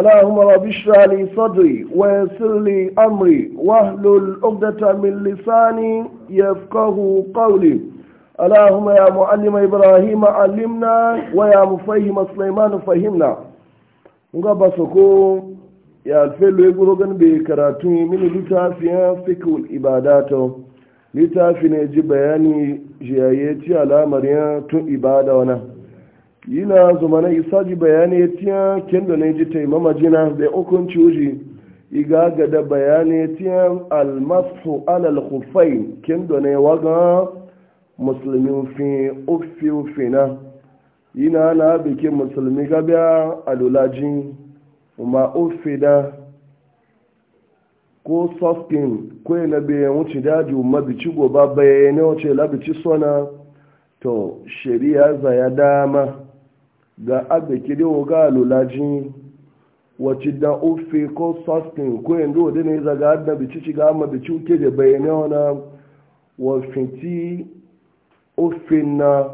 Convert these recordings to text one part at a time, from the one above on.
اللهم رب اشرح لي صدري ويسر لي امري واحلل عقدة من لساني يفقه قولي اللهم يا معلم ابراهيم علمنا ويا مفهم سليمان فهمنا ngaba soko ya alfelo eguro gan be karatu mini litafiya fikul ibadato litafi ne ji bayani jiyaye ci alamar tun ibada yina isa isaji bayani ya tiya kendo na ji taimama jina da hukunci uji iga gada bayani ya tiya almasu alal hufai kendo na waga musulmi fi ufi ufi na yina na bikin musulmi gaba alulaji ma ufi da ko softin ko na bayan wuce daji mabici goba bayanai wace labici sona to shari'a zaya dama ga abe kide o ga lulajin wacce da ofe ko sastin ko yanzu wadda ne zaga adda bici shiga amma bici uke da bayanai wana wafinti ofe na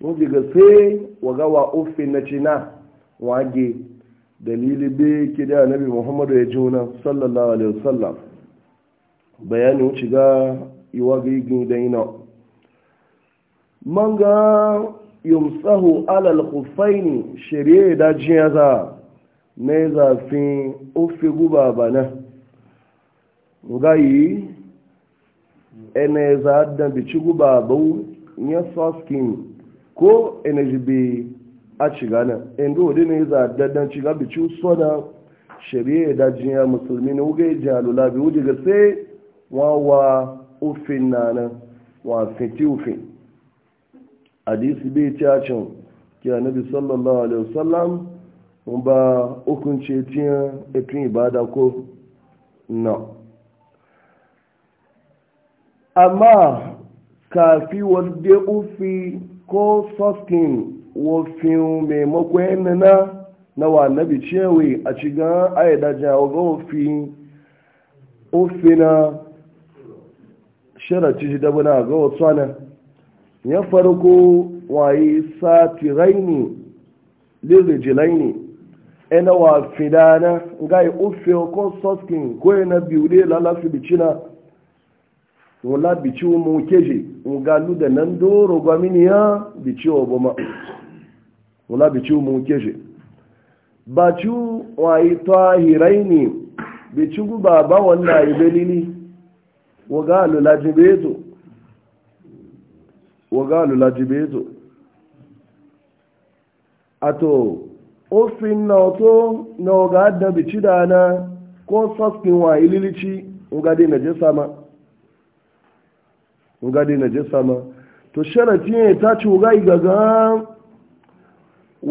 wuje ga sai waga wa ofe na cina wage dalili be kide annabi muhammadu ya juna sallallahu alaihi wasallam bayani wuce ga iwa ga igin da ina manga yumsahu alal khuffaini shari'a da jiyaza za ne zafin ofe guba bana ngayi ene za da bici guba bau ya saskin ko energy bi a cigana endo odi ne za da dan ciga bici sona shari'a da jiya musulmi ne uge jalula bi uje ga sai wawa ofin nana wa fiti ofin hadisi bai cacin ki annabi sallallahu alaihi wasallam ba hukunce tiya etun ibada ko na amma kafi wadda ufi ko soskin wofin maimakon yanana na wa annabi cewe a cigan ayyadajen ogofi ofina sharaci shi dabana ga otu ya farko waye satiraini lirijilaini ina wa fidana gai ufe ko soskin ko na biure lalafi bicina wala bici mu keje mu galu da nan doro gwamini ya bici wa boma wala bici mu keje baci waye tahiraini bici guba ba wanda ibelili wa galu lajibeto wọ́gá lùlá jù bí ètò àtò òfin náà tó na ọ̀gá dàbí chídà náà kó sọ́sìn wà ililici ngadi na je sama ngadi na je sama to sharati ne ta ci wuga gaga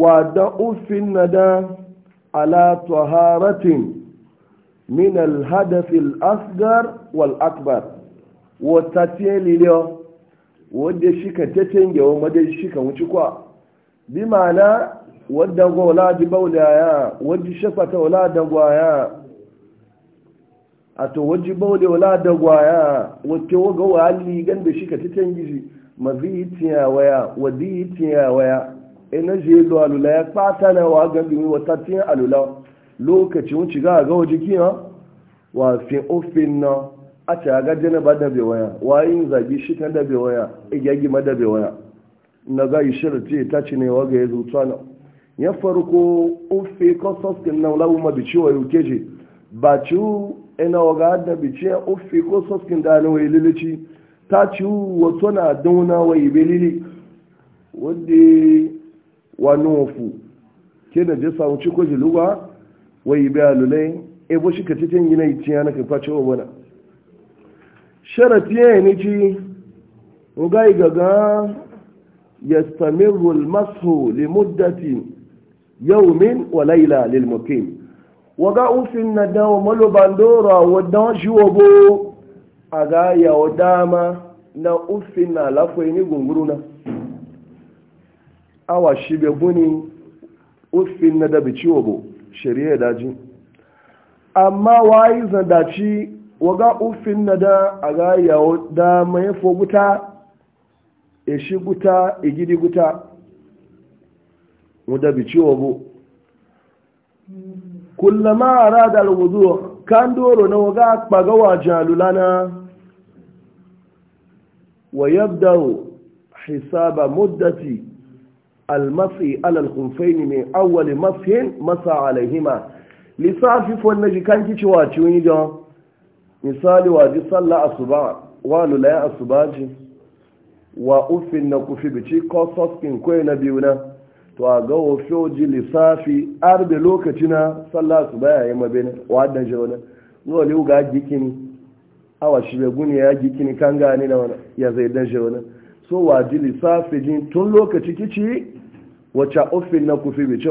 wa da ufin na da ala taharatin min al-hadath wal akbar wa tatiyali liyo wadda shi ka ta wa wadda shi ka wuce kwa bi ma'ana wadda gola ji baula wadda shafa ta wala da gwaya a to wadda baula wala da gwaya wadda waga wali gan da shi ka ta canje shi yi tiya waya yi tiya waya ina e je lo alula ya fata na wa gan bi wata tiya alula lokacin wuce ga ga waje kiyan wa fi ofin na a ce a gaji ba da waya wayin zagi shi ta da bewaya igyagi ma da waya na za yi ce ta ci ne waga ya zuwa na ya farko ofe kosos kin na lawu ma bici wa yuke ce ba ci ina waga da bici ya ofe kosos da ni wai lilici ta ci wato na dauna wa yi belili wadda wa nufu ke da jisa wuce ko jiluwa wa yi bayalu lai ebo shi ka cikin gina yi ciya na kafa cewa wani sharafi ya ni ci ugai gaga yastamirru almasu limuddati yawmin wa layla lilmuqim waga ufin na dawo malo a wadda shi wabo a ga yawo dama na ufin na lafai ni gunguruna awa shi buni ufin na da bici wabo shari'a daji amma wa yi wayi zandaci waga ufin na da a ga yawo da mai fo guta e shi guta e gidi guta wadda bi ciwo bu kullama arada alwudu kan doro na waga kpaga wa jalulana wa yabda'u hisaba muddati almasi ala alkhunfaini min awwal mas'in masa alaihima lisafi fo na jikan kici ciwon don misali wa ji sallah asuba wa lulayen asuba ji wa ufin na kufi bici kososkin kwai na biyu na to a ga wofiyo oji lissafi arbe lokaci na sallah asuba ya yi mabe na wadda ji wani nole ga gikin awa shi bai guni ya gikin kan gani na wani ya zai da shi wani so wa ji lissafi jin tun lokaci kici wacce ufin na kufi bici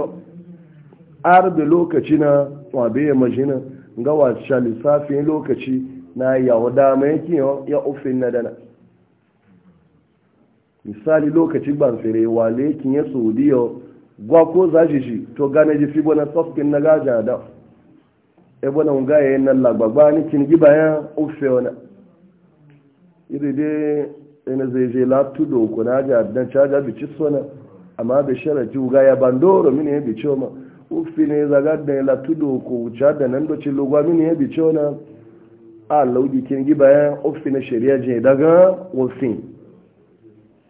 arbe lokaci na wabe ya yi majina ga wacce lissafin lokaci na yawo dama yake ya ofin na dana misali lokaci ban fere wale yakin ya saudiya gwa ko zashi shi to gane ji fi bana sofkin na gaja da e bana nga yayin nan lagbagba ni kin gi bayan ofe ona iri dai ina zai je la ko na caja bi ci sona amma da sharati uga ya bandoro mine bi cioma ufi ne da ya latudo ko wuce da nan doce logwa mini ya bice wani a laugi kin gi bayan na shari'a je daga wofin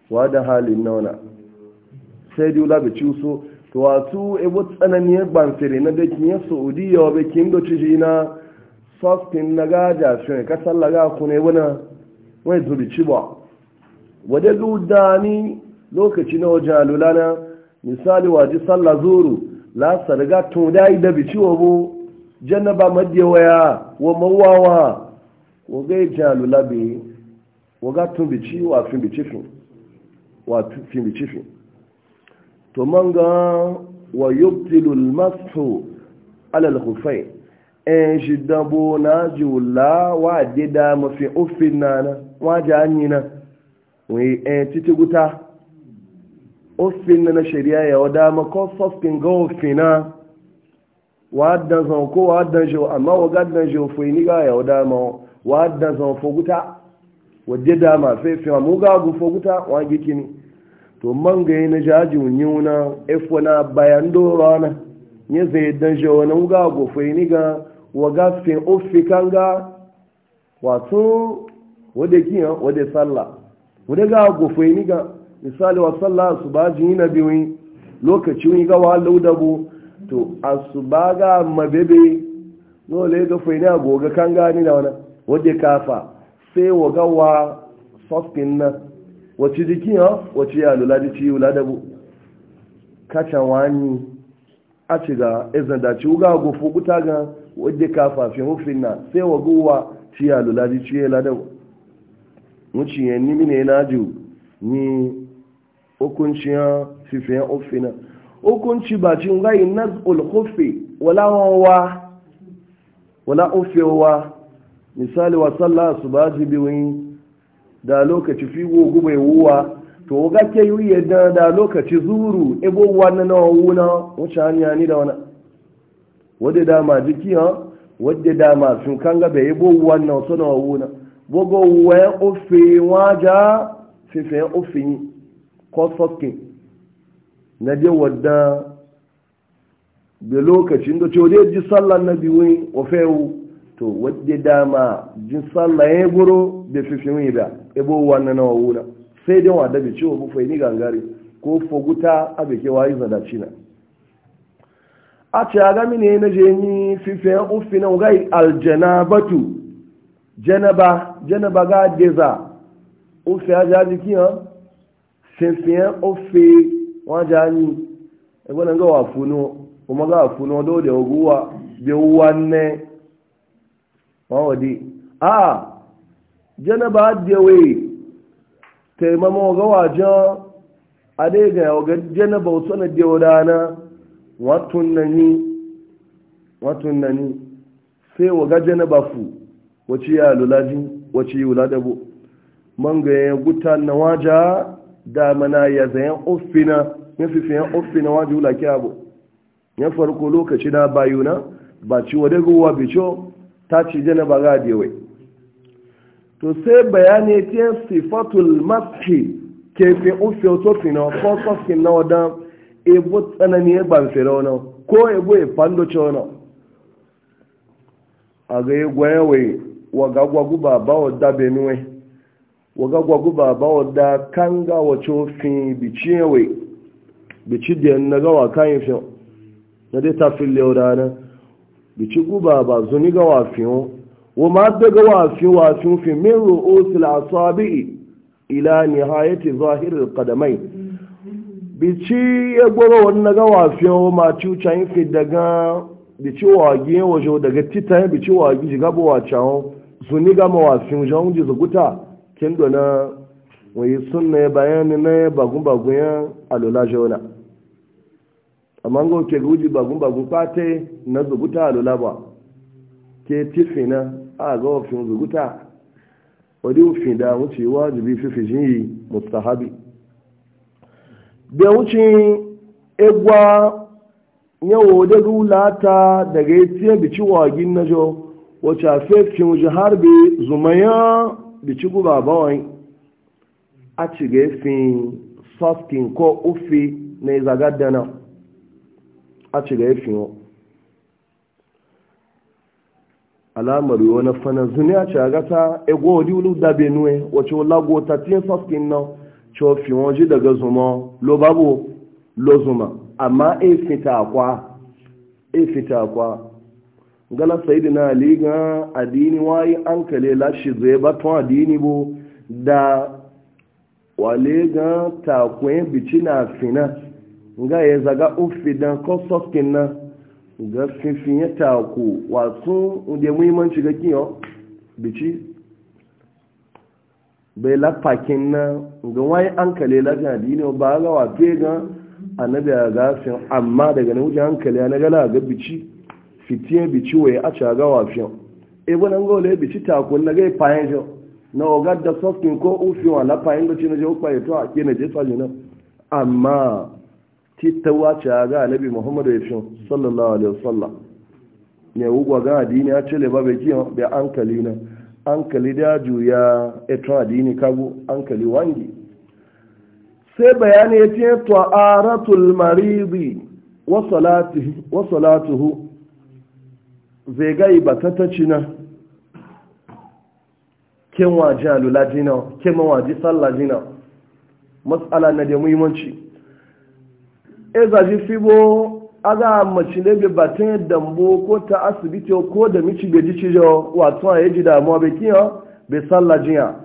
wa da halin nauna sai di to wato ebo tsananiyar bansire na da kin ya saudiya wa kin doce ji na softin na gaja shi ne kasar laga ku ne ba wadda gudani lokaci na wajen alulana misali waje sallah zuru la sarga to dai da biciwo bo jannaba madiyawaya wa mawawa wa ga jalu labi wa ga tun bici wa fin bici fin wa fin bici fin to manga wa yubtilu al-mashu ala al-khuffayn en jidabo na jiwula wa dida mafi ofin nana wa jani na wai en titiguta ofin na shari'a ya wada mako soskin ga ofina wadan zan ko wadan jo amma wadan jo fuini ga ya wada ma wadan zan foguta wadde da ma fe fe mu ga gu foguta wa gikini to man ga yana jaji nyuna efona bayan dora na ne zai dan jo na ga gu fuini ga waga fe kanga wato wade kiyan wadde salla wade ga gu fuini ga misali wa sallah su ba ji na biyu lokaci wani gawa laudabu to a su ba ga mabebe dole ga faini a goga kan gani na wani wadda kafa sai wa gawa sosfin na wacce jiki ha wacce ya lula da ciwo ladabu kacha wani a ci ga izin da ci wuga gofo guta ga wadda kafa fi hufin na sai wa gowa ci ya lula da ciwo ladabu wuce yanni mine na ju ni hukunci ya ofe ofina hukunci ba cin gai na ulkufi wala wala ofewa misali wa sallah su ba bi biwin da lokaci fi gugu mai wuwa to ga ke yi yadda da lokaci zuru ebo wani na wuna wuce hanya ni da wani wadda dama jiki ha wadda dama sun kan gaba ebo wani na wasu na wuna bogo wayan ofe waja fife ofe yi kofoke na je wadda da lokacin da cewa ji sallah na biyu ofewu to wadda dama jin sallar ya guro da fifin ba ebo wannan na wawuna sai dai wadda bai ciwo bu ni gangare ko foguta a beke wayi zadaci na a ce a gami ne na ni fifin ufi na gai aljanabatu janaba janaba ga deza ufi a jajiki ha fẹ́fẹ́ ó fẹ́ wọ́n já ní ẹgbẹ́ náà gọ́wà fúnú ọmọ gọ́wà fúnú ọdọ́ òdè ogúnwà bí ó wà nẹ́ wọ́n a jẹ́nàbà dẹ̀wé tẹ̀mọ́mọ́ gọ́wà jọ adéga ọ̀gá jẹ́nàbà ọ̀sọ́nà dẹ̀wò dáná wọ́n tún nani wọ́n tún nani sai waga jẹ́nàbà fù wọ́n ci yà lọ́lájí wọ́n ci yà lọ́dàbò mọ́ngà yẹn gúta na wájà dama na ya zayen ofina ya fifiyan ofina wajen wula kyabo ya farko lokaci na bayuna ba ci wadda ruwa bicho ta ci jana ba ga dewai to sai bayani ke sifatul mashi ke fi ofe otofina ko sofin na wadda ebo tsanani ya banfere wani ko ebo ya fandoce wani a ga yi gwaye wa gagwagu ba ba wa dabe nuwe waga gwaguba ba wadda kan ga waco fi bici yawai bici da na gawa yi fi na dai ta fi lewa rana bici guba ba zuni ga wafiyon wa ma da ga wafiyon wa fi min ru'usul asabi ila nihayati zahiril qadamai bici ya gwaro wannan ga wa ma cucan fi daga bici wagi wajo daga titan bici wagi gabo wacan zuni ga mawafiyon jan ji Kin na wayi sunna ya bayani na ya bagun bagun ya alola jona amma ga ke guji bagun bagun fate na zuguta alola ba ke tifina a ga ofin zuguta wadi ofin da wuce wajibi fifijin yi mustahabi da wuce egwa yawo da lulata daga yi tiyan bici wagin na jo wacce a fekin wuce harbe zumaya bici guba bawai a ciga fin sofkin ko ufi na izagaddana a ciga fin o alamar wani na fana zuniya ce a gata ego odiulu dabe nuwe wace lago ta tin sofkin na cewa fi wọn ji daga zuma lo babu lo zuma amma e fita akwa e fita akwa gala sayidina ali ga adini wayi an kale lashi zai ba tun adini bo da wale ga takwen bici na fina ga ya zaga ufi dan kososkin na ga fifin ya taku wasu da muhimmanci ga kiyo bici bai lafakin na ga wayi an kale lashi adini ba ga wafe ga annabi a gafin amma daga na wuce hankali na gala ga bici fitiye bici waye a caga wafiyan ebe nan gole bici takun na gai fayin jau na ogar da soskin ko ufin wa na fayin gaci na jau fayin to a ke na je fayin nan amma titawa caga nabi muhammadu ya fi sallallahu alaihi wasallam ne wugwa ga adini a cile ba bai kiyan da ankali na ankali da juya eto adini kago ankali wangi sai bayani ya ce to aratul maridi wa salatuhu zai gai ba ta ta cina kin waje alula jina kin mawaji sallah jina matsala na da muhimmanci e zaji fibo a mace ne bai batun dambo ko ta asibiti ko da mici bai ji cijo wato a yaji damuwa bai kiyo bai sallah jiya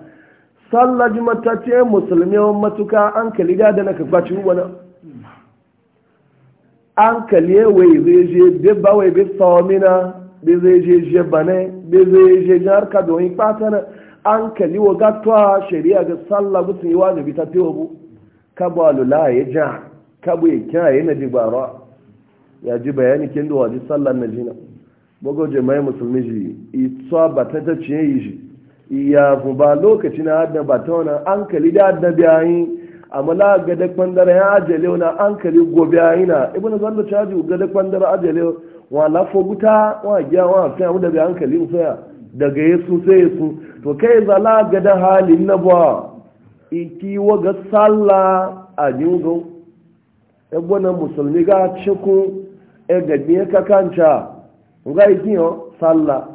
sallah ji matace musulmi matuka an kaliga da na kagbaci wani an kaliye wai zai je bai bawai bai na. bai zai je je bane bai zai je jihar ka domin ɓatana an kalli wa gatuwa shari'a ga sallah mutum yi wajibi ta fiye bu ka alula lula ya ja ka bu ya kya ya na jibara ya ji bayani kin da waje sallah na jina bugu jama'i musulmi ji itsuwa ba ta ta ciye yi ji iya fi ba lokaci na adda ba ta wani an kalli da adda biyayi amma la ga gada kwandara ya ajiyar na an kalli gobe yi na zan zanda caji gada kwandara ajiye ajiyar wa lafo guta wa gya wa fiya wadda bai hankali ufiya daga yesu sai yesu to kai zala ga da halin na ba iki wa ga salla a jingo ebbonan musulmi ga cikin e gabi ya kakanta ga iki yo salla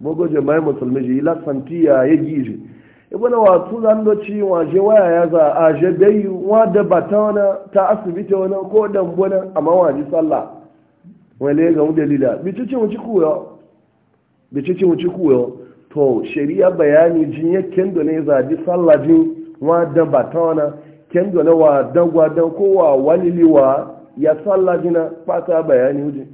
bogo jama'ai musulmi ji ila santiya ya gije ebbonan wasu zando ci wa je waya ya za a je bayu wa da bata ta asibiti wana ko dambona amma wa ji sallah wale ga wuce lila bicicin wuci kuyo bicicin wuci kuyo to shari'a bayani jin ya kendo ne zaji sallah jin wa dan ba ta wana kendo na wa dan gwa dan ko wa ya sallajina jina fata bayani wuce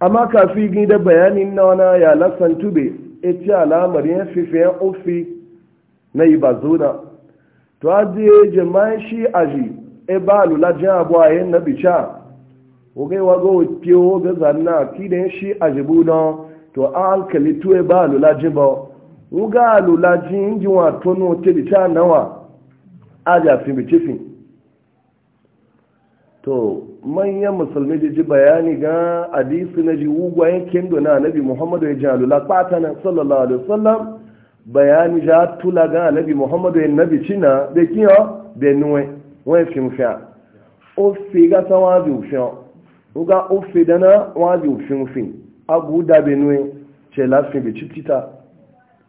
amma kafi gini bayani bayanin na ya lasan tube ita alamar yin fifiyan ofi na ibazuna to ajiye jima'in shi aji e ba lula abuwa yin na bicha oge wago piyo oge zanna kide shi ajibu don to an kali tuwe ba lulaji ba wuga lulaji inji wa tono tebi ta nawa aja fi bicifi to manyan musulmi da ji bayani ga hadisi na ji wugwayen kendo na nabi muhammadu ya ji alula kwata na sallallahu alaihi wasallam bayani ja tula ga nabi muhammadu ya nabi cina da kiyo da nuwe wani fimfiya o fi gasa wa bi ufiyan uga ofe dana waji ofin ofin agu da benue ce lafin bi citita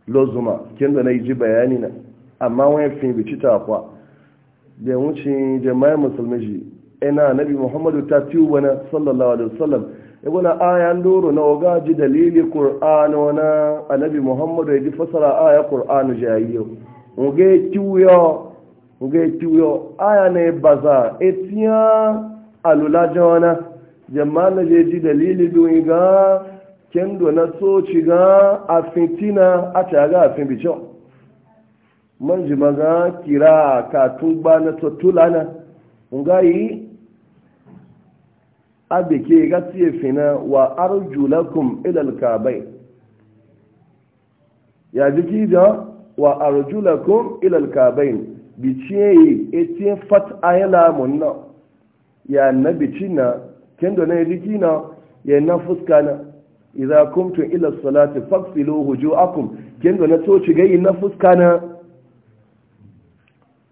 lozuma kin da na yi ji bayani na amma wani fin bi cita kwa da wuce jama'a musulmi ji ina e anabi muhammadu ta tiyu wani sallallahu alaihi wasallam ibuna e ayan doro na oga ji dalili qur'ano na anabi muhammadu ya e ji fasara aya qur'anu jayiyo oge tiyo oge tiyo aya ne baza etiya alulajo na jama na je ji dalili biyu ga kendo na soci ga afintina a taga afin bicin man ji maga kira katun ba na tattula na nga yi abike ga tiye fina wa lakum ilal kabai ya jiki da wa lakum ilal kabai ciye yi etin e fat ayala na ya na bicina kendo na jiki na ya na fuska na idza kumtum ila salati faghsilu wujuhakum kendo na to ci gayi na fuska na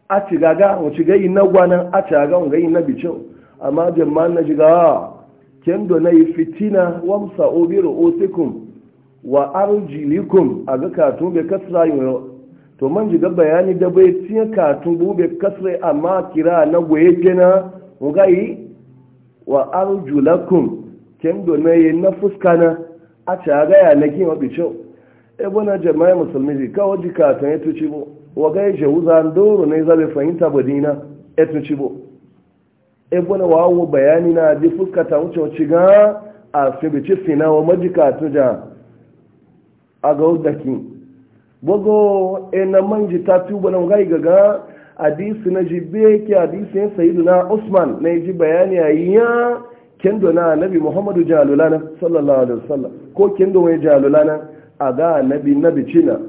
a ci gaga mu ci gayi na gwanan a ci gaga mu gayi na bicho amma jama'an na jiga kendo na yi fitina wamsa obi ru'usikum wa arjilikum a ga katun bai kasra yau to man jiga bayani da bai tiya katun bu bai kasra amma kira na goye kenan mu gayi wa arjulakum kendo na yi na fuska na a cagaya na gima bicin ebo e na jama'a musulmi ji kawo ta ya tuci bo wa ga yaje wuzan doro ne zabe fahimta badina ya tuci bo ebo na wawo bayani na ji fuska ta wuce wuce ga a fibici fina wa majika tuja a ga wudakin bogo e na manji ta tuba na ga gaga hadisi na jibe ke hadisi ya sayidu na usman na ji bayani a ya kendo na annabi muhammadu jalulana sallallahu alaihi wasallam ko kendo mai jalulana a ga nabi na bicina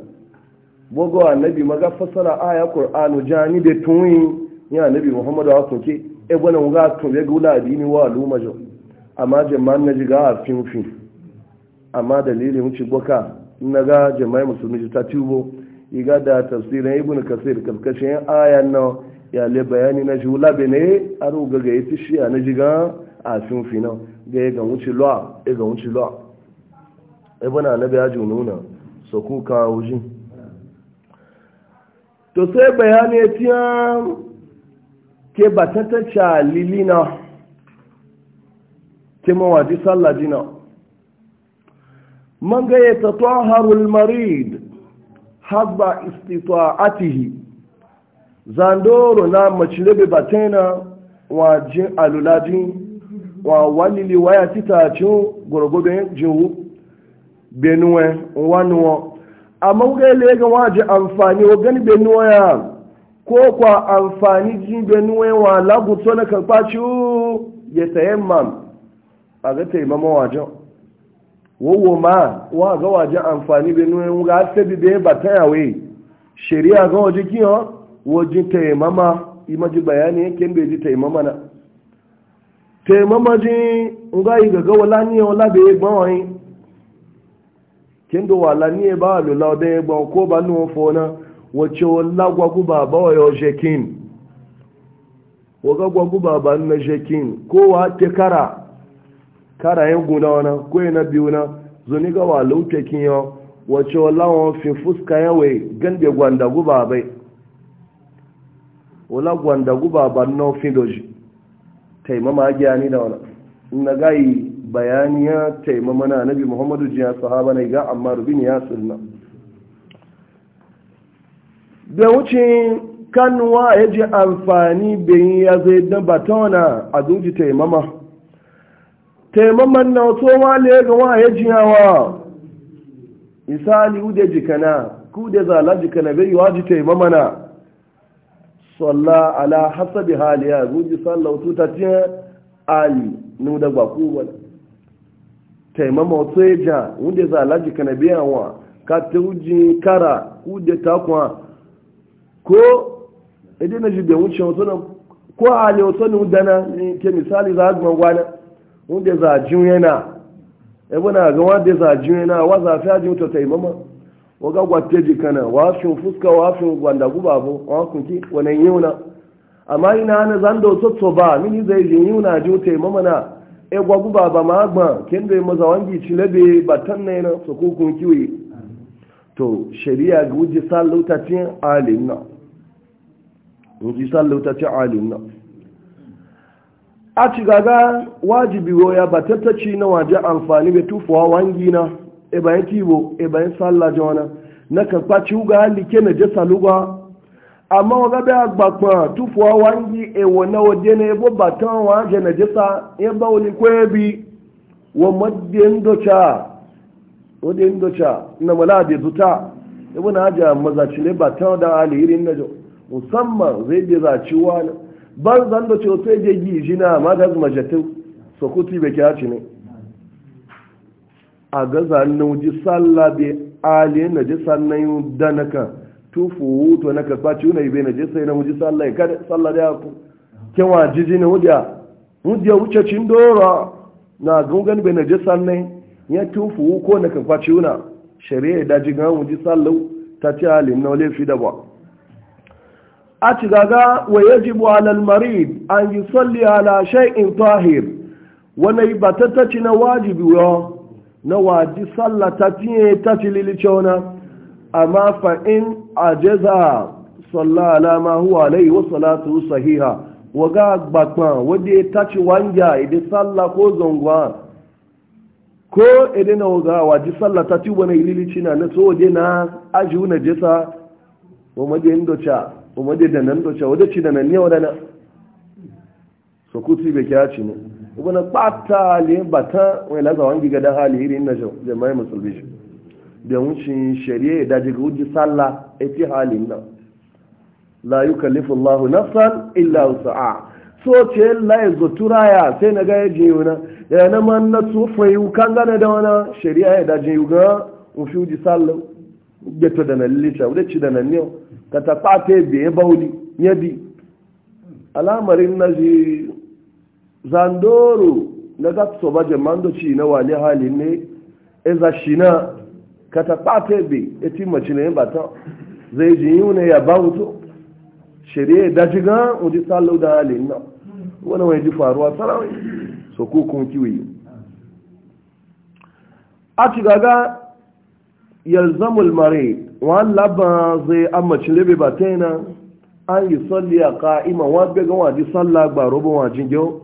a nabi maga fasara aya Kur'anu jani da tuyi ya nabi muhammadu a soke e bana ga to be gula adini wa aluma jo amma jama'an na jiga a finfin amma dalilin wuce boka na ga jama'i musulmi ta tubo iga da tafsirin ibn kasir karkashin ayan nan ya le bayani na shi wula bene a ruga ga yati shi na jiga a fin fina ga ya ga wuce lwa ya ga wuce lwa ibn annabi ya jununa so ku ka wuji to sai bayani tiyan ke batata cha lilina ke mawaji sallah jina man ga ya tatahharul marid haba istita'atihi zandoro na macilebe batena wa jin alulajin wa wani liwaya tita cin gwargwadon jinwu benuwe wanuwa amma kuka ile ga waje amfani wa gani benuwa ya ko kwa amfani jin benuwe wa laguto na karfaci ya tayammam a ga taimama wajen wawo ma wa ga waje amfani be nga ga sabi be ba ta yawe shari'a ga waje kiyo waje taimama imaji bayani yake be ji taimama na taimama ji nga yi ga wala ni wala be gbon wani kendo wala ni ba lo la de gbon ko ba nu fo na wace wala gwa ku ba ba yo shekin waga gwa ku ba ba na shekin ko wa tekara kara yin guna wana ko na biyu na zuni ga wa lauke yau wace lawan fi fuska yawai gande gwanda guba bai wala gwanda guba ba no fi doji taimama ni da wani na gayi bayani ya taimama na nabi muhammadu jiya sahaba na ga amma Rubini ya suna. da wuce kanuwa ya ji amfani bayan ya zai dan batona a zuji taimama taimaman na wato wale ga waye jiyawa misali ude jikana ku da zala jikana bai waji taimamana sola ala hasabi haliya guji sallah wato ta ce ali nu da ba ku wala taimama wato ya ja ude zala jikana bai yawa ka ta uji kara ude takwa ko idan na da wuce wato na ko ali wato nu dana ke misali za a gwana wanda za jin yana ebe na ga wanda za jin na wa za fi ajin to taimama wa ga gwatte jikana wa shin fuska wa shin gwanda guba bo wa kun ki wannan yuna amma ina na zando sotso ba mini zai jin yuna ji taimama na e gwa guba ba ma gba ken da maza wangi cilebe batan ne na so ko kun kiwe to shari'a guji sallauta tin alim na guji sallauta tin alim na a ci gaga wajibi ya ba tattaci na waje amfani bai tufuwa wangi na e bayan kibo e sallah jona na kan kwaci uga like na je saluga amma waga bai agbakpa tufuwa wangi e wana waje na ebo e batan waje na jesa e ba wani kwebi wa madde ndocha wadde ndocha na mala zuta ebo na aja mazaci batan da alihirin na jo musamman zai je zaci wani bar zanda da ce otu ya gi jina ma ga zuma jatin so kuti bai kira ci ne a ga zanen ji salla bi ali na ji sannan da naka tufu na naka kwaci na ibe na ji sai na mu ji salla kada salla da ku kewa jiji ya? Hudu ya wuce cin dora na gungan bai na ji sannan ya tufu ko naka kwaci na shari'a da ji ga mu ji sallau ta ci alim na wale fi da ba a ci gaga wa yajibu alal marid an yi salli ala shay'in tahir wani ba ta na wajibi yo na waji sallah ta tiye ta ci lilicona amma fa in ajaza salla ala ma huwa alaihi wa salatu sahiha wa ga gbagban wadda ya taci wanja idan sallah ko zongwa ko idan na waga waji sallah ta ci wani lilicina na so waje na ajiyu na jesa wa madiyan docha umade da nan doce wadda ci da nan ne wadana so kuti bai kya ci ne ibana bata le bata Wani laza wangi ga da hali irin na jau jama'i musulmi shi da wucin shari'a daji ga wuji sallah a fi halin nan la yukallifu Allah nafsan illa wusa'a so ce la ya zotura ya sai na ga ya je yana ya na man na tsofa yi kan gane da wani shari'a ya daji yi ga wufi wuji sallah ya to da na licha wadda ci da nan yau. ka ta kpata ebe ya bauli ya bi alamarin na ji zandoro na gatso ba mando ci na wali halin ne eza shi na ka ta kpata ebe ya e ti mace na yin e bata zai ji yi ne ya bauto shirye ya daji ga wani tsalo da halin na wani wani ji faruwa sarawai so ko kun kiwi a ci gaga yalzamul mare wani laban zai ammaci lebe ba ta yana an yi salli a ka'ima wani begon waji salla ba robin wajin yau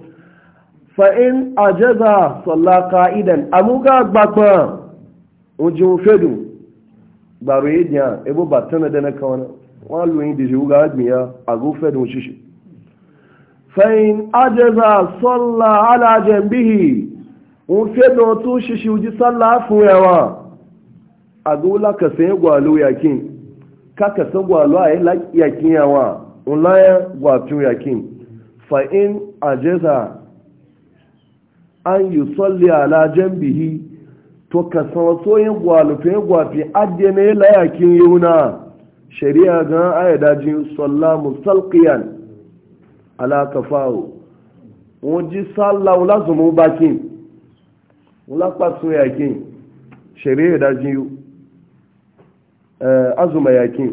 fa'in a jaza salla ka'idan amuga gbagba ojin fedu gbaro yi diya ebo ba tana da na kawana wani loyin da shiwu a go fedu shishi fa'in a jaza salla ala jambihi un fedu tun shishi uji salla fun yawa a zola ka san gwalo yakin ka ka san gwalo a yi yakin yawa unlayan gwafin yakin fa'in a jesa an yi tsalli ala bihi to ka san yin to gwalufin gwafi adde ne layakin yuna shari'a ga aya daji salla musalqiyan ala kafawo wọ́n jí sáàlá wọ́n lásùnmọ́ kí wọ́n lápá tún yakin shari'a dajin yóò Eh, azuma yakin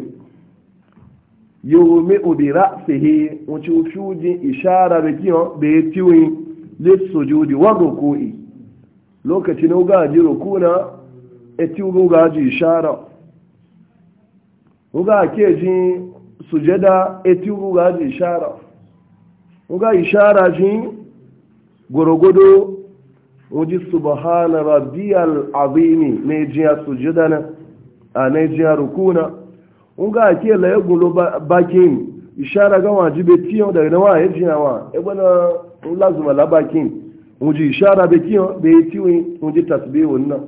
yomi ubira fihi wuce shujin ishara da kiyon da ya tiwi lissujudi wa lokaci na uga ji rukuna eti uga aji ishara uga ke ji sujada eti uga ji ishara uga ishara ji gorogodo wuji subhana rabbiyal azimi ne ji sujada na a nigeria rukuna nga ake laye yagulo bakin ishara ga wajibe tiyo daga nawa ya jinawa e bana lazuma la bakin unji ishara be tiyo be tiwi unji tasbihu na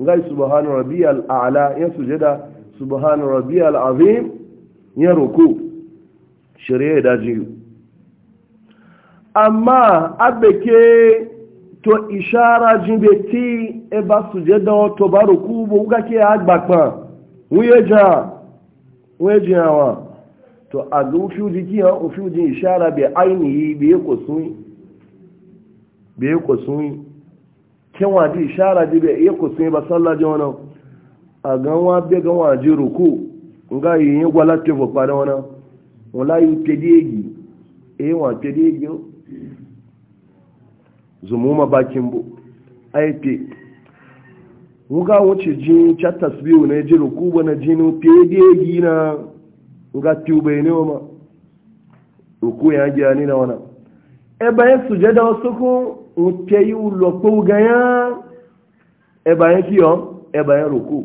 ngai subhana rabbiyal a'la ya sujada subhana rabbiyal azim ya ruku shari'a da jiyu amma abeke to ishara jibe ti e ba sujada to ba ruku bo ga ke agba wuye jiyawa to a ga ufiuji kiya ufiuji ishara bai ainihi bai yi kusurwi kewa di ishara ji bai iya kusurwi ba sallaje wani a ganwa bai ganwa ji ruku nga yi yi gwala tefo kpada wani wala yi pedegi e wa pedegi zumuma bakin bu aipe nga wuce jin ca tasbihu na ji rukuba na jinu tege na nga tiube ne ma ruku ya gya ni na wana e suje da wasu ku nke yi ulo ko gaya e bayan kiyo ruku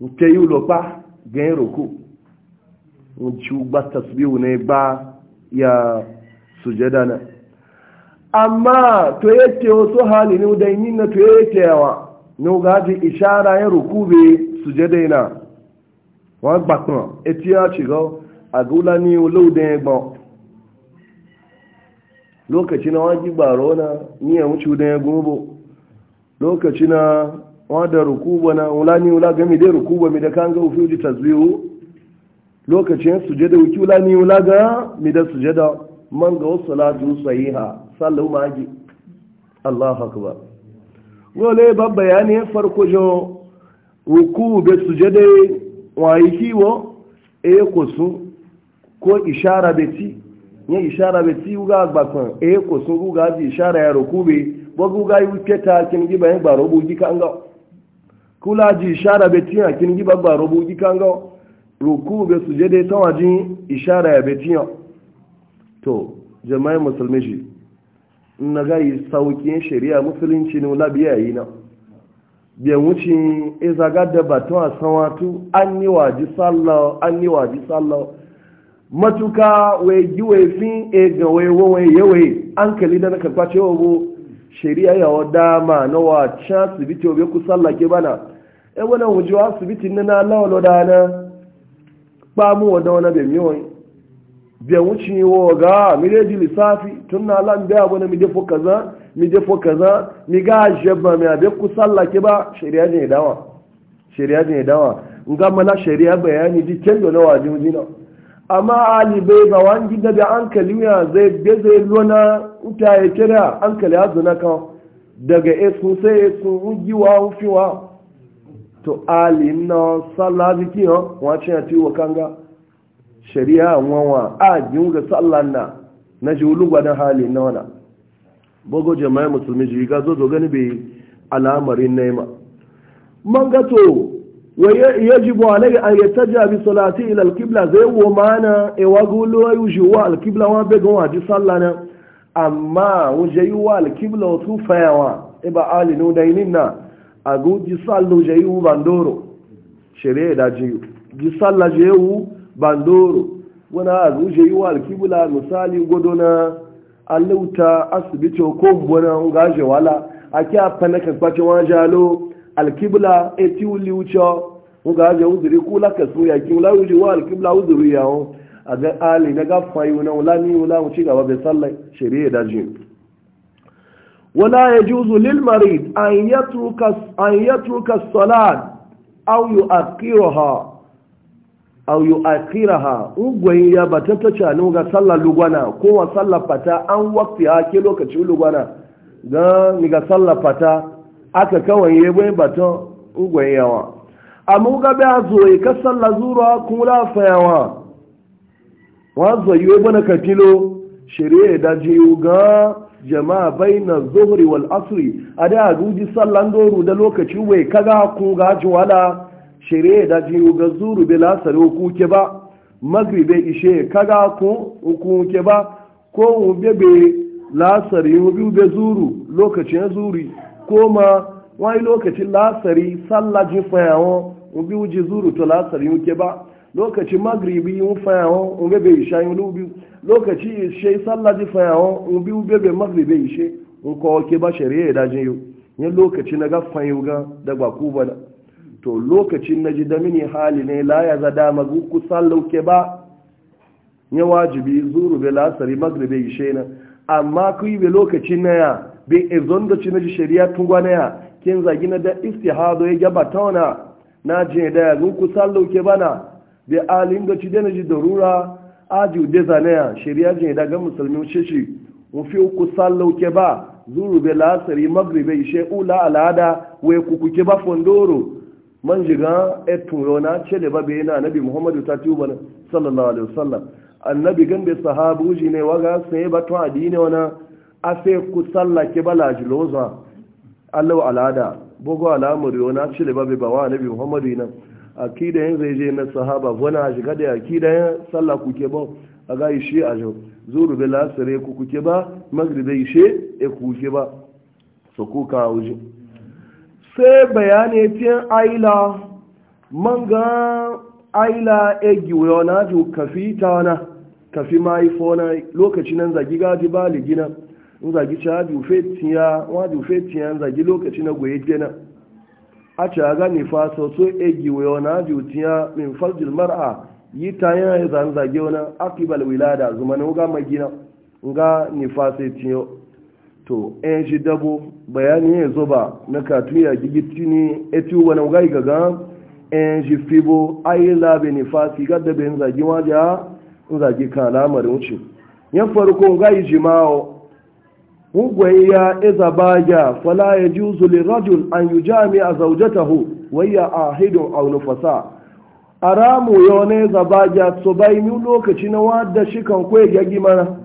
nke yi ulo ga ya e e ruku nke gba tasbihu na ba ya sujada na amma to yake wasu hali ne da yin na to yake yawa ní gaji ishara ya rukube sujede na wọ́n gbàtàn etí àṣìgọ́ àgúlá ní olóòdẹ ẹgbọ́n Lokaci na wọ́n gbàrọ na ni ẹ̀wọ́n tí ó dẹ ẹgbọ́n bò na wọ́n da rukuba na wula ní wula gami dai rukuba mi da kan ga ofi ji tasbihu lokacin sujada wuki wula ní wula ga mi da sujada man ga salatu sahiha sallu magi Allahu akbar wale ba bayani farko jo ruku be sujade wayi kiwo e ko sun ko ishara be ti ni ishara be ti uga agba kan e ko sun uga di ishara ya ruku be bo uga yi keta kin gi bayan ba robu gi kanga kula ji ishara be ti kin gi ba bu ji gi kanga ruku be sujade tawaji ishara ya be ti to jama'i musulmi shi na gai saukin shari'a musulunci ne wula biya yi na biyan wuce izaga da batun a sanwatu an yi waji sallah an yi waji sallah matuka wai gi wai fin e ga wai wai yawai an kali da na karba cewa bo shari'a yawa dama na wacce asibiti obe ku sallah ke bana e wannan wujewa asibiti na na lawalo da na ba mu wa da wani bai miyoyi bai wuce yiwo ga mireji lissafi tun na lan bai abu na mi defo kaza mi defo kaza mi ga jabba mi abe ku ke ba shari'a ne dawa shari'a ne dawa nga ga mala shari'a bayani di kendo na wajin dina amma ali bai ba wan gida da an ya zai be zai lona uta ya kira an kali hazu na daga esu sai esu ugiwa ufiwa to ali na sallazi kiyo wacin ya ciwo kanga shari'a wawa a jiun ga sallan na na ji wulu gwanin hali na wana bogo jama'i musulmi ji ga zo gani bai al'amarin naima man gato yajibu alayhi an yattaja bi salati ila al-qibla zai wo mana e wa gulo yu juwa al-qibla wa be gon aji na amma wo je yu wa al wa tu fayawa e ba ali no na agu ji sallu je yu bandoro shere da ji ji salla je yu bandoro wani a zuje yi wa alkibula misali gwado na alauta asibiti ko mbona gaje wala ake a fana kan kwace wani jalo alkibula e ti wuli wuce gaje uzuri kula ka so ya ki wula wuce wa alkibula uzuri ya hon a ga ali na gafa yi wani wula ni wula wuce gaba bai sallai shari'a da jin lil يجوز للمريض yi يترك أن يترك الصلاة أو يؤخرها au yu akhiraha ugwai ya bata ta canu ga sallar lugwana ko wa sallar fata an wakti ake ke lokacin lugwana ga ni ga sallar fata aka kawai ya bai bata ugwai yawa a ga ba zo ya ka sallar zuwa kuma la fayawa wa zoye yi bana ka filo shari'a da ji ga jama'a bai na zuhuri wal a da ya guji sallan doru da lokaci wai kaga ku ga shirye da jiyu ga zuru bai uku hukuke ba magribe ishe kaga uku hukuke ba ko bebe bai lasari wube bai zuru lokacin zuri ko ma wani lokacin lasari sallaji fayawo wube ji zuru to lasari hukuke ba lokacin magribi yun fayawo wube bai isha yun lubi lokaci ishe sallaji fayawo wube bebe magribe ishe ke ba shirye da jiyu yin lokaci na gafan yuga da gwakuba da to lokacin na ji damini hali ne la ya zada magu kusan lauke ba ya wajibi zuru be lasari magribe ishe na amma ku yi be lokacin na ya be izon da na ji shari'a tun na ya kin zagi na da istihado ya gaba tauna na je da ya gun kusan lauke bana be alin da ci da rura, ji darura aji de ya. shari'a je da ga musulmi shishi mu fi kusan lauke ba zuru be lasari magribe ishe ula alada wai kukuke ba fondoro man jiga e turo na cele babe yana nabi muhammadu ta tuba sallallahu alaihi wasallam annabi gambe sahabu ji ne waga sai ba to adini wana afe ku ke bala jiloza allahu alada bogo alamuri na cele babe ba wa nabi muhammadu ina akida yin zai je na sahaba wana shiga da akida yin ku kuke ba a ga ishe a jau zuru bela sare ku kuke ba magribe ishe e kuke ba so kuka wuji sai bayani fiye aila man ga aila egi na ju kafi ta na kafi mahaifo na lokaci nan zagi gaji baligi na in zagi ca jufe tiya wa jufe tiya zagi lokaci na goye gina a ca ga nifa soso egi na ju tiya min farjil mar'a yi ta yana zan zage wani akibal wilada zuma na ga magina nga nifa sai tiyo to ɗaya eh, shi dabo bayani ya zo ba na katu ya gigiti ne eti wani gai gaga ɗaya eh, shi fibo ayi labe ne fasi gadda bai zagi waje a? zagi kan lamarin wuce yan farko gai jima'o mugwai ya iza baya fala ya ji rajul an yi jami a zaujatahu wayya a hidon a nufasa a ramu yau ne zaba ya tsobai lokaci na wadda shi kan kwe gagi mana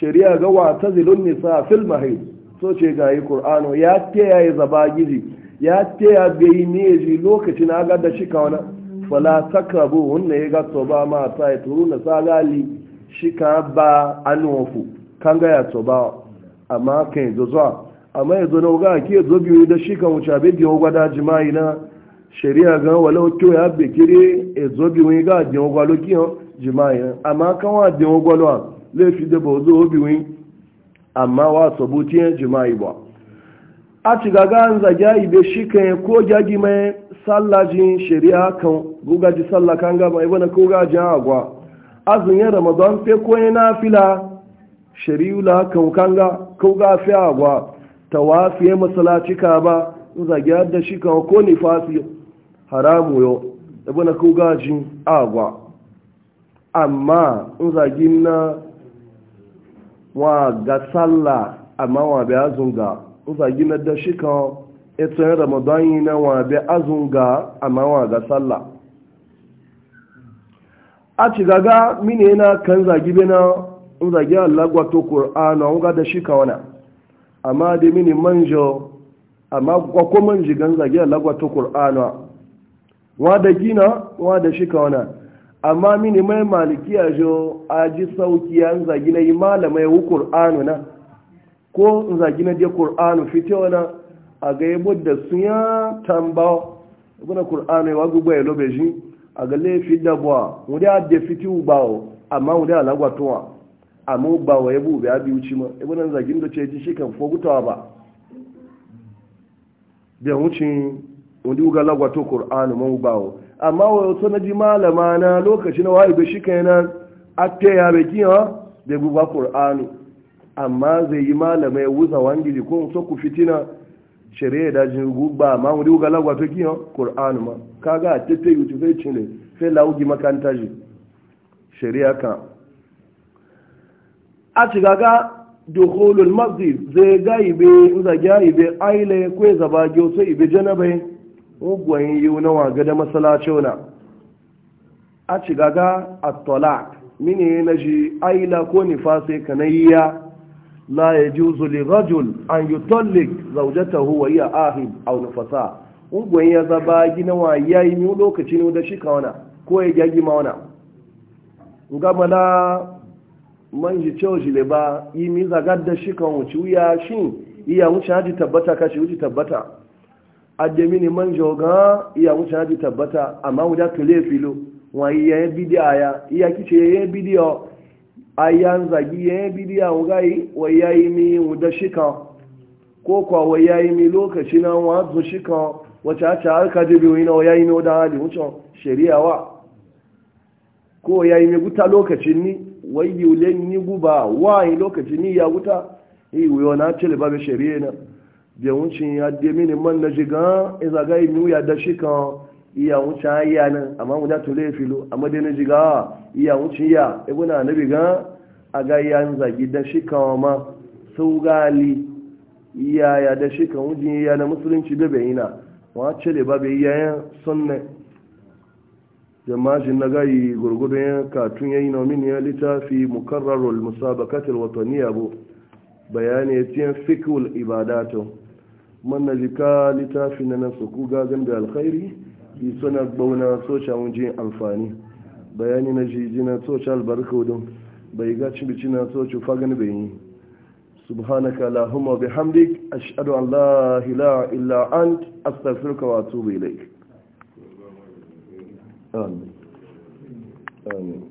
shari'a ga wa ta zilun nisa fil mahid so ce ga yi qur'ano ya ke yi zaba gizi ya ke ya bai ne ji lokacin aga da shi kawana fala takrabu hunna ya ga ba ma ta yi turu turuna sagali shi ka ba an anofu kan ga ya ba amma kan zo zo amma yanzu na ga ke zo biyu da shi kan wuce bai biyo gwada jima'i na shari'a ga walau to ya bikire e zo biyu ga jima'i na jima'i amma kan wa jima'i na lefi da ba zo hobi amma wa tiye jima'i ba a ci gaga an zagya ibe shi kan ko jagi mai sallajin shari'a kan gugaji sallah kan gama ibe na koga jin agwa azumin ramadan fe ko na fila shari'ula kan kanga koga fi agwa tawafiye masalaci ka ba zagya da shi kan ko nifasi haramu yo ibe na koga jin agwa amma zagin na wa ga sallah amma wa bi azunga uza gina da shi kan eto ramadan yi na wa bi azunga amma wa ga sallah a ci gaga mini yana kan zagi bena uza zagi Allah gwato Qur'ana unga da shi ka wana amma da mini manjo amma gwa ko manji gan zagi Allah gwato Qur'ana wa da gina wa da shi ka wana amma mini mai a jo a ji sauki ya zagi na yi malamai wu ƙur'anu na ko zagi na je ƙur'anu fito na a ga yi da sun ya tamba guna ƙur'anu ya wagu gba lobe shi a ga laifin da buwa wuri a da fiti ubawo amma wuri a lagwatowa amma ubawo ya bube ya biyu ci ma ibina zagin da ce ji shi kan fogutawa ba da wucin wuri uga lagwato ƙur'anu ma ubawo amma wato na ji malama na lokaci na yi ga shika yana atte ya bai kiyo da guba kur'anu amma zai yi malama ya wuza da ko so ku fitina shari'a da jin guba ma mu duga lagwa to kiyo kur'anu ma kaga tete wuce zai cile sai laugi makanta ji shari'a ka a shiga da dukhulul masjid zai ga ibe in za ga ibe aile ko zaba gyo sai ibe janabai ugwayin yiwu na waga da masalacona a ci gaga a talak mini na ji aila ko nifasai kanayya la ya ji li rajul an yi tallik zaujatahu wa iya ahib a nufasa ugwayin ya zaba gina wa yi ni lokaci ne da shi ka wana ko ya gyagi ma wana gama na man ji cewa shi ba yi mi zagar da shi kan wuce wuya shi iya wuce haji tabbata kashi wuce tabbata ademini man joga iya wuce na tabbata amma wuda tule filo wa iya ya bidiya ya iya kice ya bidiya a yan zagi ya bidiya wugayi wa iya yi mi wuda shika ko kwa wa iya yi mi lokaci na wa zu shika wace a cahar ka jibi bi na wa iya yi mi wuda hali wucin shari'a wa ko ya yi mi guta lokacin ni wai bi wulen ni guba wa yi lokacin ni ya guta yi wuyo na cile shari'a na da wuncin ya de mini man na jiga iza ga yi nuya da shi kan iya wuce yi nan amma mu da tole filo amma dai na jiga iya wuce ya e na na biga a ga ya zagi da shi kan ma sau gali iya ya da shi kan wujin ya na musulunci bebe ina wa cele ba bai yayin sunne jama'ajin na gayi gurgudun katun yayi na min ya littafi mukarrarul musabaqatil wataniyya bu bayani ya tiyan fikul ibadatu man na jika littafi na nasu ku gagan da alkhairi yi suna gbauna social wajen amfani bayani na jiji na social barkodin bai ga cibici na social fagan bai yi subhanaka lahumma bihamdik ashhadu an la ilaha illa an astaghfiruka wa atubu ilaik amin